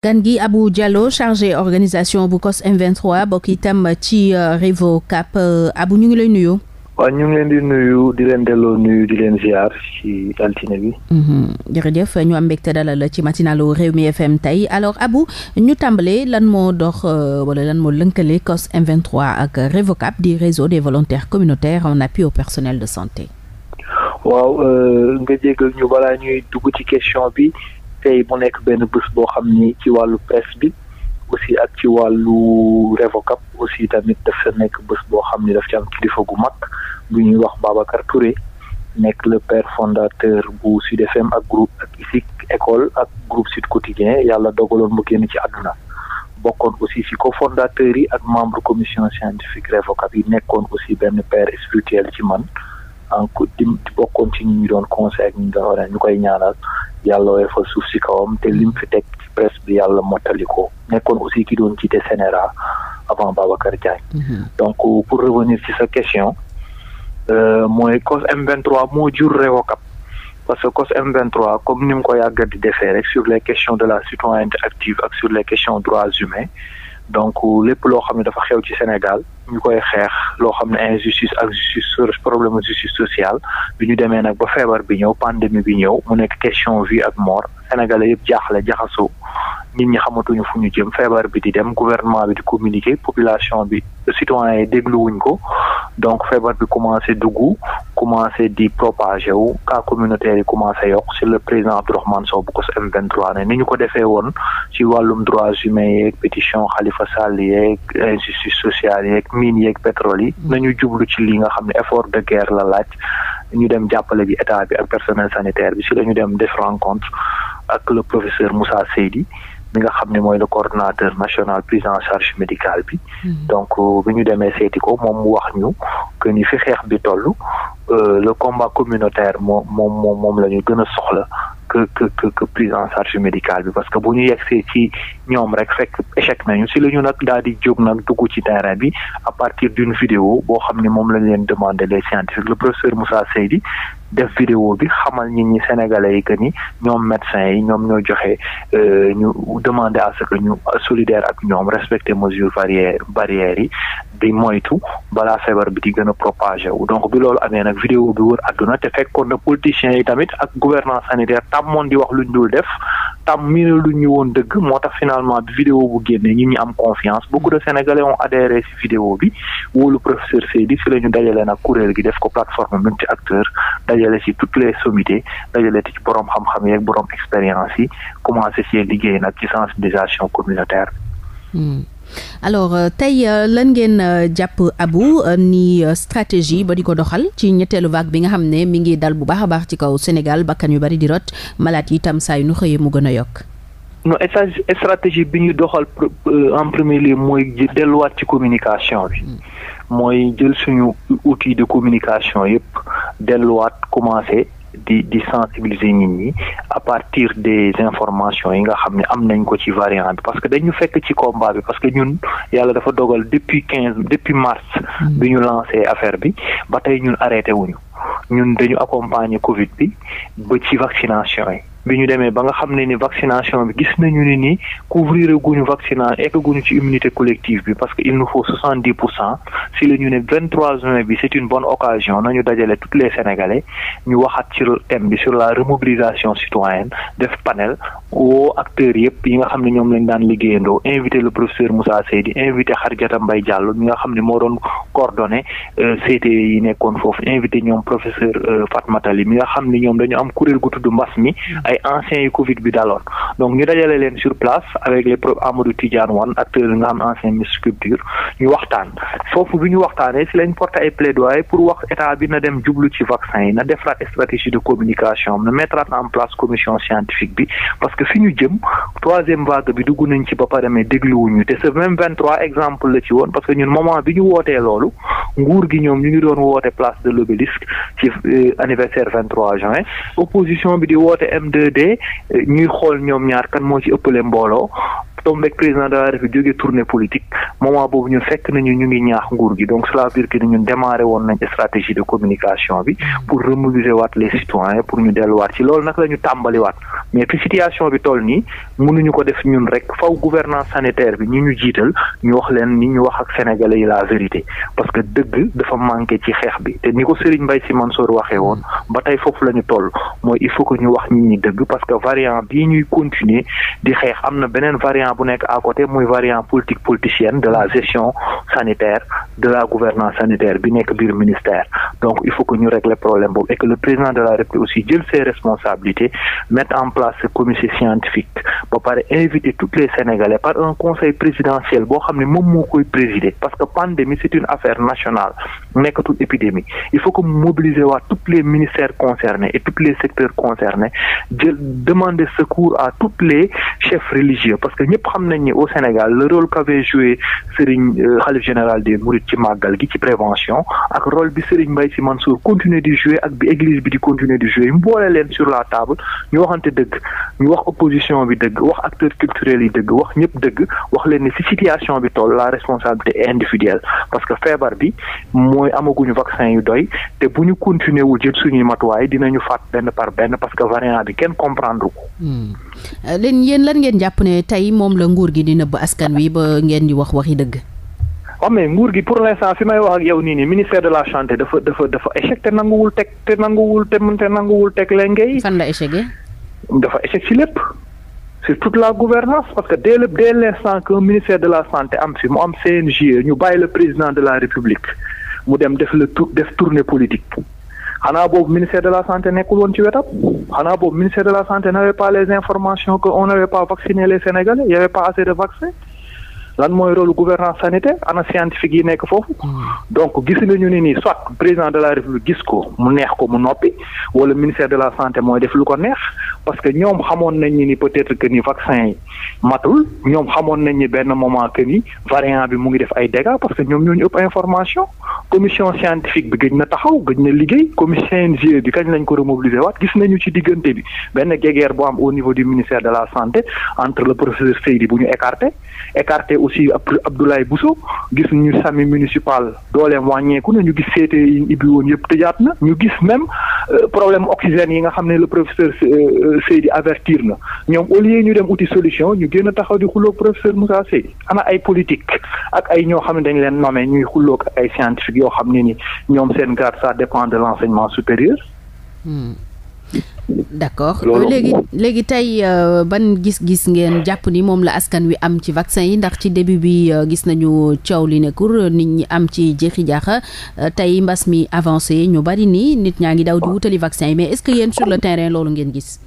gan gi abu Diallo chargé organisation bu COS M23 bokk itam ci euh, Revo Cap euh, Abou ñu ngi lay nuyu. waaw ñu ngi leen di nuyu di leen delloo nuyu di leen ziar ci altine bi. Mm-hmm. jërëjëf ñu am dalal ci matinalu Rewmi FM tey alors Abou ñu tàmbalee lan moo dox euh, wala lan moo lënkalee COS M23 ak Revo di réseau des volontaires communautaires en appui au personnel de santé. waaw nga jégal ñu balaa ñuy dugg ci question bi. tey mu nekk benn bés boo xam ni ci wàllu presse bi aussi ak ci wàllu Revocap aussi tamit dafa nekk bës boo xam ni daf ci am gu mag bu ñuy wax Babacar Touré nekk le per fondateur bu Sud FM ak groupe ak ISIC école ak groupe Sud Quotidien yàlla dogaloon mu génn ci àdduna bokkoon aussi ci cofondateur yi ak membre commission scientifique Revocap yi nekkoon aussi benn père spirituel ci man en di bokkoon ci ñu ñu doon conseil ak ñu doon ñu koy ñaanal yàlla e fa suuf si kawam te lim fi teg ci yàlla mottali ko nekkoon aussi ki doon jiite CNRA avant Babacar Diagne. Mhm. donc pour revenir ci sa question. Euh, mooy COS M23 moo jur réwokap parce que COS M23 comme ni mu ko yàgg di defee rek sur les questions de la citoyenneté active ak sur les questions droits humains. donc lépp loo xam ne dafa xew ci Sénégal ñu koy xeex loo xam ne injustice ak justice problème justice sociale bi ñu demee nag ba feebar bi ñëw pandémie bi ñëw mu nekk question vie ak mort sénégalais yëpp jaaxle jaxasoo nit ñi xamatuñu fu ñu jëm feebar bi di dem gouvernement bi di communiquer population bi citoyen yi dégluwuñ ko donc feebar bi commencé dugg commencé di propager wu cas communautaire yi commencé yokk si le président Abdourahmane Sow bu ko si M23 ne ni ñu ko defee woon si wàllum droits humains yeeg pétition Khalifa Sall yeeg injustice sociale yeeg mines yeeg pétrole yi ñu jublu ci li nga xam ne effort de guerre la laaj ñu dem jàppale ji état bi ak personnel sanitaire bi si la ñu dem def rencontre ak le professeur Moussa Seydi mi nga xam ne mooy le coordonnateur national prise en charge médicale bi hmm. donc euh, bi ñu demee seeti ko moom mu wax ñu que ni fi xeex bi toll Euh, le combat communautaire moom moom moom la ñu gën a soxla que que que prise en charge médicale bi parce que bu ñu yegsee ci ñoom rek fekk échec nañu si la ñu nag daal di jóg nag dugg ci terrain bi à partir d'une vidéo boo xam ni moom lañ leen demande les scientifiques le professeur Moussa Seydi def vidéo bi xamal nit ñi sénégalais yi que ni ñoom médecins yi ñoom ñoo joxe euh, ñu demande à ñu solidaire ak ñoom respecter mesures barrières barrières yi di moytu balaa di gën a propagé wu vidéo bi wër àdduna te fekkoon na politiciens yi tamit ak gouvernance sanitaire moon di wax luñ dul def tam mi lu ñu woon dëgg moo tax finalement bi vidéo bu génnee ñi ñu am confiance beaucoup de sénégalais ont adhéré ci vidéo bi wóolu professeur Seydi ci la ñu dajale nag kuréel gi def ko plateforme multi acteur dajale ci toutes les sommités dajalee ci borom xam-xam yeeg borom expérience yi commencé ci liggéey nag ci sensibilisation communautaire. Hmm. alors euh, tey euh, lan ngeen euh, jàpp Abou ni stratégie ba di ko doxal ci ñetteelu vague bi nga xam ne mi ngi dal bu baax a baax ci kaw Sénégal bakkan yu bari di rot malaat yi itam saay yu nu xëyee mu gën a yokk non stratégie bi ñu doxal en premier lieu mooy delluwaat ci communication bi mm. mooy jël suñu outil de communication yëpp delluwaat commencé di di sensibiliser nit ñi à partir des informations yi nga xam ne am nañ ko ci variant parce que dañu fekk ci combat bi parce que ñun yàlla dafa dogal depuis quinze depuis mars mm. bi ñu lancé affaire bi ba tey ñun arrêté wuñu ñun dañu accompagner Covid bi ba ci vaccination yi bi ñu demee ba nga xam ne ni vaccination bi gis nañu ne ni couvrir guñu vaccinat egguñu ci immunité collective bi parce que il nous faut soixante dix pour cent si la ñu ne vingt trois juin bi c'est une bonne occasion nañu dajale toutes les sénégalais ñu waxaat ci thème bi sur la remobilisation citoyenne def panel woo acteurs yëpp yi nga xam ne ñoom lañu daan liggéeyandoo invité le professeur Moussa Seydi invité Xarjata Mbay Diallo mi nga xam ne moo doon coordonné euh, CTE yi nekkoon foofu invité ñoom professeur euh, Fatma Tali mi nga xam ne ñoom dañu am kuréel gu tudd mbas mi ay anciens yu Covid bi daloon donc ñu dajale leen sur place avec les profs Amadou Tidiane Wane acteur yi nga xam ancien ministre culture ñu waxtaan foofu bi ñu waxtaanee si lañ porté ay plaidoyer pour wax état bi na dem jublu ci vaccin yi na defaraat stratégie de communication na mettre en place commission scientifique bi parce que fi ñu jëm troisième vague bi dugg nañ ci ba pare mais dégluwuñu te ce même vingt trois exemple la ci woon parce que ñun moment bi ñu wootee loolu nguur gi ñoom ñu ngi doon woote place de l'obélisque ci euh, anniversaire vingt trois juin opposition bi di woote M2 2D euh, ñuy xool ñoom ñaar kan moo ci ëppale mbooloo tombeeg président de la République jógee tournée politique moment boobu ñu fekk nañu ñu ngi ñaax nguur gi donc cela veut dire que ñun démarré woon nañ stratégie de communication bi pour remobiliser waat les citoyens pour ñu delluwaat ci loolu nag la ñu tàmbaliwaat mais fi situation bi toll nii mënuñu ko def ñun rek faw gouvernance sanitaire bi ñi ñu jiital ñu wax leen ni ñu wax ak sénégalais yi la vérité parce que dëgg dafa manqué ci xeex bi te ni ko Serigne Mbaye Sy Mansour waxee woon ba tey foofu la ñu toll mooy il faut que ñu wax nit ñi dëgg parce que variant bii ñuy continuer di xeex am na beneen variant variant bu nekk à côté muy variant politique politicienne de la gestion sanitaire de la gouvernance sanitaire bi nekk biir ministère donc il faut que ñu régler problème boobu et que le président de la République aussi jël ses responsabilités mettre en place ce comité scientifique ba pare inviter tous les Sénégalais par un conseil présidentiel boo xam ne moom moo koy présider parce que pandémie c'est une affaire nationale nekkatu épidémie il faut que mobiliser waa toutes les ministères concernés et tous les secteurs concernés jël demander secours à tout les chefs religieux parce que ñëpp xam nañ ni au Sénégal le rôle qu'avait joué Serigne euh, Khalife général des Mourides ci màggal gi ci prévention ak rôle bi Serigne Mbaye Sy Mansour continuer di jouer ak bi église bi di continuer di jouer ñu boole leen sur la table ñu waxante dëgg ñu wax opposition bi dëgg wax acteurs culturels yi dëgg wax ñëpp dëgg wax leen ni si situation bi toll la responsabilité est parce que feebar bi mooy amaguñu vaccin yu doy te bu ñu continuer wul jël suñuy matuwaay dinañu faat benn par benn parce que variant bi kenn comprendre ko. Hmm. Euh, leen yéen lan ngeen jàpp ne tey moom la nguur gi di nëbb askan wi ba ngeen di wax waxi dëgg. waaw mais nguur gi pour l'instant fi may wax ak yow nii nii ministère de la santé dafa dafa dafa échec te nanguwul teg te nanguwul te te nanguwul teg leen ngay. fan la échec dafa échec ci lépp. sur toute la gouvernance parce que dès le dès l'instant que ministère de la santé am fi mu am CNG e, ñu bàyyi le président de la république mu dem def la tour def tournée politique xanaa boobu ministère de la santé nekkul woon ci wetam xanaa boobu ministère de la santé n'avait pas les informations que on n'avait pas vacciné les sénégalais il y pas assez de vaccins lan mooy rôle gouvernance sanitaire ana scientifique yi nekk foofu donc gis nañu ni nii soit président de la république gis ko mu neex ko mu noppi wala ministère de la santé mooy def lu ko neex parce que ñoom xamoon nañ ni peut-être que ni vaccin yi matul ñoom xamoon nañ ni benn moment que ni variant bi mu ngi def ay dégâts parce que ñoom ñoo ñu ëpp information commission scientifique bi gëj na taxaw gëj na liggéey commission GIE bi kañ lañ ko remobiliser waat gis nañu ci diggante bi benn guéguerre bu am au niveau du ministère de la santé entre le professeur Seydi bu ñu écarté écarté aussi Abdoulaye Bousso gis ñu sami municipal dooleem wàññeeku na ñu gis CTI yi ñu ibbi woon yëpp tëjaat na ñu gis même problème oxygène yi nga xam ne le professeur euh, Seydi avertir na ñoom au lieu ñu dem uti solution ñu génn taxaw di xuloo professeur Moussa Seydi ana ay politique ak ay ñoo xam ne dañ leen nommé ñuy xuloo ak ay scientifique yoo xam ne ni ñoom seen grade ça dépend de l'enseignement supérieur. Hmm. d'accord léegi léegi tey euh, ban gis-gis ngeen jàpp ni moom la askan wi am ci vaccin yi ndax ci début bi euh, gis nañu coow li nekkul nit ñi am ci jeexi jaaxa euh, tey mbas mi avancé ñu bari nii nit ñaa ngi daw di wutali vaccin yi mais est-ce sur le terrain loolu ngeen gis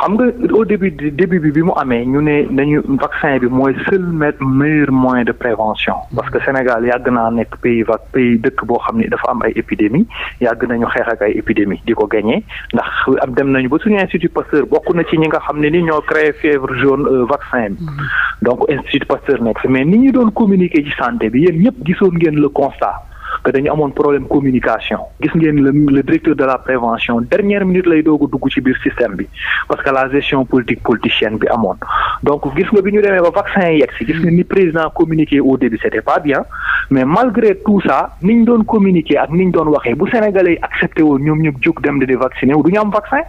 xam nga au début début bi bi mu amee ñu ne nañu vaccin bi mooy seul meilleur moyen de prévention mm. parce que Sénégal yàgg naa nekk pays vac pays dëkk boo xam ne dafa am ay épidémie yàgg nañu xeex ak ay épidémie di ko gañee ndax am dem nañu ba suñu institut Pasteur bokk na ci ñi nga xam ne ni ñoo créé fièvre jaune euh, vaccin bi mm. donc institut Pasteur nekk fi mais ni ñu doon communiquer ci santé bi yéen ñëpp gisoon ngeen le constat te dañu amoon problème communication gis ngeen le directeur de la prévention dernière minute lay doog dugg ci biir système bi parce que la gestion politique politicienne bi amoon donc gis nga bi ñu demee ba vaccin yegg si gis nga ni président communiqué au début c'était pas bien mais malgré tout ça ni ñu doon communiqué ak ni ñu doon waxee bu sénégalais yi accepté woon ñoom ñëpp jóg dem di vacciner wu du ñu am vaccin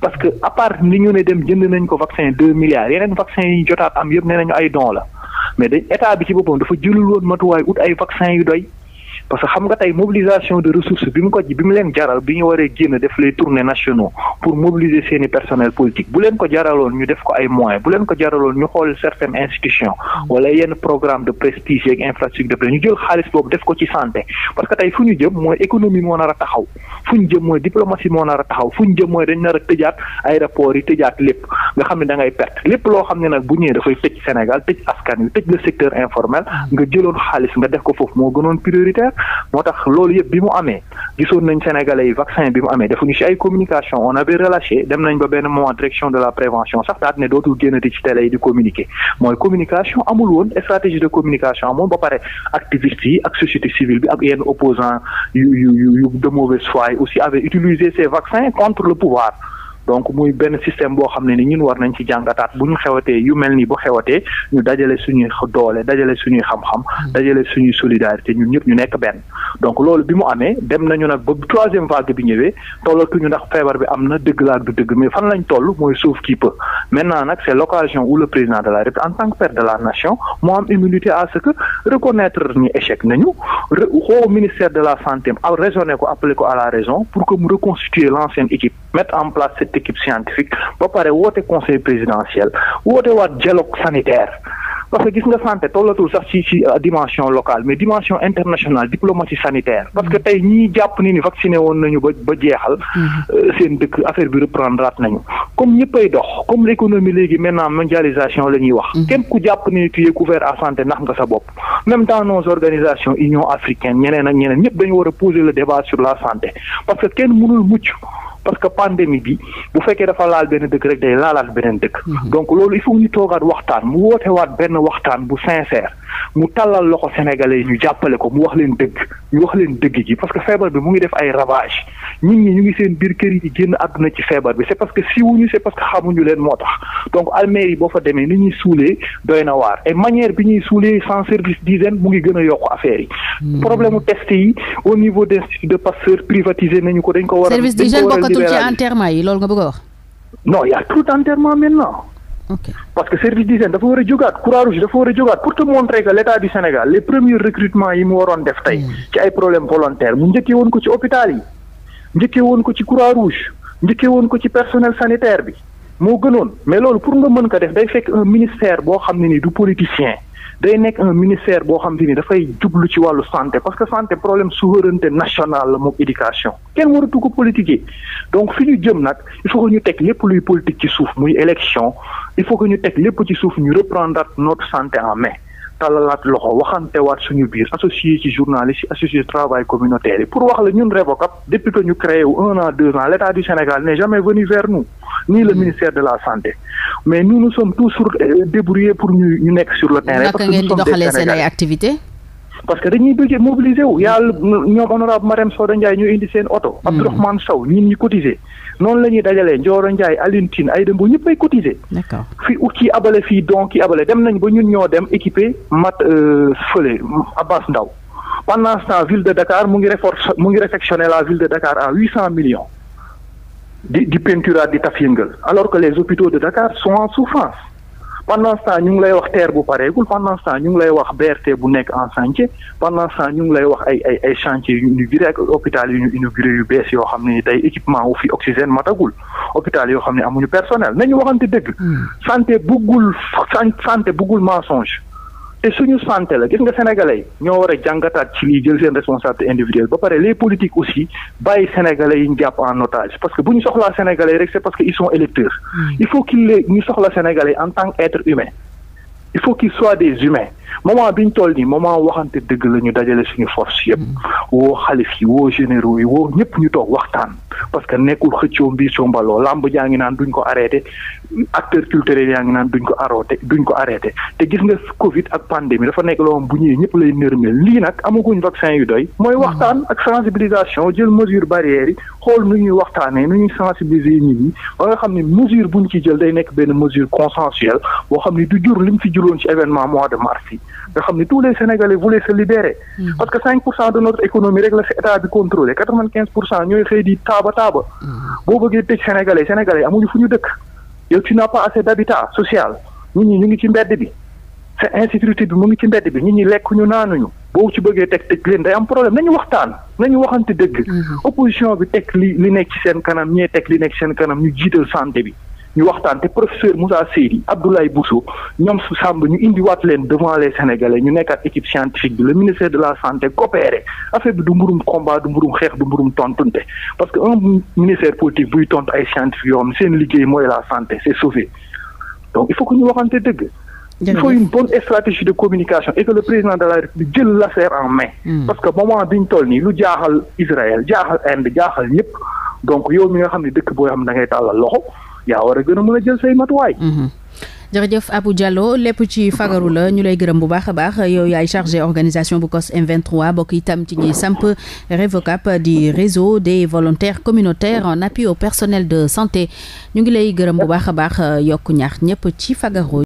parce que à part ni ñu ne dem jënd nañ ko vaccin deux milliards yeneen vaccin yi ñu jotaat am yëpp nee nañu ay don la mais dañ état bi ci boppam dafa jëlul woon matuwaay ut ay vaccin doy parce que xam nga tey mobilisation de ressources bi mu ko ji bi mu leen jaral bi ñu waree génn def les tournées nationaux pour mobiliser seeni personnel politique bu leen ko jaraloon ñu def ko ay moyens bu leen ko jaraloon ñu xool certaines institutions wala yenn programme de prestige yeeg infrastructure de ñu jël xaalis boobu def ko ci santé parce que tey fu ñu jëm mooy économie moo nar a taxaw fu ñu jëm mooy diplomatie moo nar taxaw fu ñu jëm mooy dañ nar a tëjaat aéroport yi tëjaat lépp nga xam ne da ngay perte lépp loo xam ne nag bu ñëwee dafay tëj Sénégal tëj askan wi tëj le secteur nga jëloon xaalis nga def ko foofu moo gënoon prioritaire moo tax loolu yëpp bi mu amee gisoon nañ sénégalais yi vaccin bi mu amee defuñu ci ay communication on avait relâché dem nañ ba benn moment direction de la prévention sax daal ne dootul génnati ci télé yi di communiquer mooy communication amul woon stratégie de communication amul ba pare activistes yi ak société civile bi ak yenn opposants yu yu yu de mauvaise foi aussi avaient utilisé ces vaccins contre le pouvoir donc muy benn système boo xam ne ni ñun war nañ ci jàngataat bu ñu xewatee yu mel nii bu xewatee ñu dajale suñuy doole dajale suñuy xam-xam hmm. dajale suñuy solidarité ñu ñëpp ñu nekk benn donc loolu bi mu amee dem nañu nag ba troisième vague bi ñëwee tollatuñu ndax feebar bi am na dëgg la du dëgg mais fan lañ toll mooy suuf kii peu maintenant nag c'est l'occasion où le président de la République en tant que père de la nation moo am immunité à ce que reconnaître ni échec la santé am pour que mu équipe scientifique ba pare woote conseil présidentiel woote waat dialogue sanitaire parce que gis nga santé tollatul sax ci ci euh, dimension locale mais dimension internationale diplomatie sanitaire parce que tey ñii jàpp ni ni vacciné woon nañu ba jeexal mhm. euh, seen dëkk affaire bi reprendre at nañu comme ñëppay dox comme l'économie léegi maintenant mondialisation la wax mhm. képp ku jàpp ni ni tu couvert à santé ndax nga sa bopp même dans nos organisations a poser parce que pandémie bi bu fekkee dafa laal benn dëkk rek day laalaat beneen dëkk. Mhm. donc loolu il faut ñu toogaat waxtaan mu wootewaat benn waxtaan bu sincère mu talal loxo sénégalais yi ñu jàppale ko mu wax leen dëgg ñu wax leen dëkk ji parce que feebar bi mu ngi def ay ravage nit ñi ñu ngi seen biir kër yi génn àdduna ci feebar bi c'est parce que siwuñu c'est parce que xamuñu leen moo tax donc almeer yi boo fa demee ni ñuy suulee doy na waar et manière bi ñuy suulee sans service d'hygiène mu ngi gën a yokk affaire yi. Hmm. problème mu test au niveau de l'Institut de nañu ko dañ ko war amatul ci enterrement yi loolu nga bëgg a wax. non y' a trop d' enterrement maintenant. ok parce que service d'hygiène dafa war a jógaat croix rouge dafa war a jógaat pour te montrer que l' état du Sénégal les premiers recrutements yi mu waroon def tey. Mm. ci ay problèmes volontaires mu njëkkee woon ko ci hôpital yi. njëkkee woon ko ci croix rouge. njëkkee woon ko ci personnel sanitaire bi. moo gënoon mais loolu pour nga mën ko def day fekk un ministère boo xam ne ni du politicien. day nekk un ministère boo xam te ni dafay jublu ci wàllu santé parce que santé problème souveraineté nationale la moom éducation kenn waratu ko politiquer donc fi ñu jëm nag il faut que ñu teg lépp luy politique ci suuf muy élection il faut que ñu teg lépp ci suuf ñu reprendre notre santé en main tàllalaat loxo waxante waat suñu biir associé ci journaliste associé travail communautaire yi pour wax la ñun Revocap depuis que ñu créé wu un an deux ans l' état du Sénégal n'est jamais venu vers ni le ministère de la santé mais nous nous sommes toujours euh, débrouillés pour ñu ñu nekk sur le terrain. parce que nous seen ay activités. parce que dañuy bëgg mobiliser wu yàlla mm-hmm. ñoom honorable Marème Soda Ndiaye ñu indi seen oto mm-hmm. Abdourahmane Sow ñin ñi cotiser noonu la ñuy dajalee Ndioro Ndiaye Alioune ay dem dëmb ñëpp ay cotiser fi u kii abale fii donc kii abale dem nañ ba ñun ñoo dem équipé mat euh, fële Abbas Ndaw pendant ce temps ville de Dakar mu ngi réforce mu ngi réfectionner la ville de Dakar à huit cent millions di di peinture di taf yëngal alors que les hôpitaux de Dakar sont en souffrance pendant ce temps ñu ngi lay wax terre bu pareegul pendant ce temps ñu ngi lay wax BRT bu nekk en chantier pendant ce temps ñu ngi lay wax ay ay ay chantier yu inauguré hôpital yu ñu inauguré yu bees yoo xam ne day équipement u fi oxygène matagul hôpital yoo xam ne amuñu personnel nañu waxante dëgg hmm. santé buggul santé buggul mensonge te suñu santé la gis nga sénégalais yi ñoo war a jàngataat ci lii jël seen responsabilité individuelle ba pare les politiques aussi bàyyi sénégalais yi ñu jàpp en otage parce que bu ñu soxlaa sénégalais rek c'est parce que ils sont électeurs mm. il faut qu'il les ñu soxla sénégalais en tant qu'être humain il faut qu'ils soient des humains moment bi ñu toll nii moment waxante dëgg la ñu dajale suñu force yëpp mm-hmm. woo xalif yi woo généraux yi woo ñëpp ñu toog waxtaan parce que nekkul xëccoo mbii sombaloo lamb jaa ngi naan duñ ko arrêté acteur culturel yaa ngi naan duñ ko arrêté duñ ko arrêté te gis nga Covid ak pandémie dafa nekk loo xam bu ñëwee ñëpp lay nërmeel lii nag amaguñ vaccin yu doy mooy mm-hmm. waxtaan ak sensibilisation jël mesure barrières yi xool nu ñuy waxtaanee nu ñuy sensibiliser nit ñi ba nga xam ne mesure ci jël day nekk benn mesure consensuelle boo xam ne du jur li mu fi juróon ci événement mois de mars yi nga xam ni tous les sénégalais voulaient se libérer. Hmm. parce que 5 pour cent de notre économie rek la fi état bi contrôlé 95 pour cent ñooy xëy di taaba taaba. Hmm. boo bëggee tëj sénégalais sénégalais amuñu fu ñu dëkk. yow tu n'as pas assez d'habitat social nit ñi ñu ngi ci mbedd bi. te insécurité bi mu ngi ci mbedd bi ñu ñi lekk ñu ñu boo ci bëggee teg tëj leen day am problème nañu waxtaan nañu waxante dëgg. Hmm. opposition bi teg li li nekk ci seen kanam ñee teg li nekk ci seen kanam ñu jiital santé bi. ñu waxtaan te professeur Moussa Seydi Abdoulaye Bousso ñoom su sàmb ñu indiwaat leen devant les sénégalais ñu nekk ak équipe scientifique bi le ministère de la santé coopéré affaire bi du mburum combat du mburum xeex du tontunte parce que un ministère politique buy tont ay scientifique yoo seen liggéey mooy la santé c'est sauvé donc il faut que ñu waxante dëgg. il faut une bonne stratégie de communication et que le président de la République jël l'affaire en main. Hmm. parce que moment ñu toll nii lu jaaxal Israël jaaxal Inde jaaxal ñëpp donc yow mi nga xam ne dëkk boo xam ne da ngay tàllal loxo. yaa war a gën a mën jël say matuwaay. Mhm. jërëjëf Abou Diallo lépp ci fagaru la ñu lay gërëm bu baax a baax yow yaay chargé organisation bu COS M23 bokk itam ci ñuy samp REVOCAP di réseau des volontaires communautaires en appui au personnel de santé ñu ngi lay gërëm bu baax a baax yokk ñaax ñëpp ci fagaru.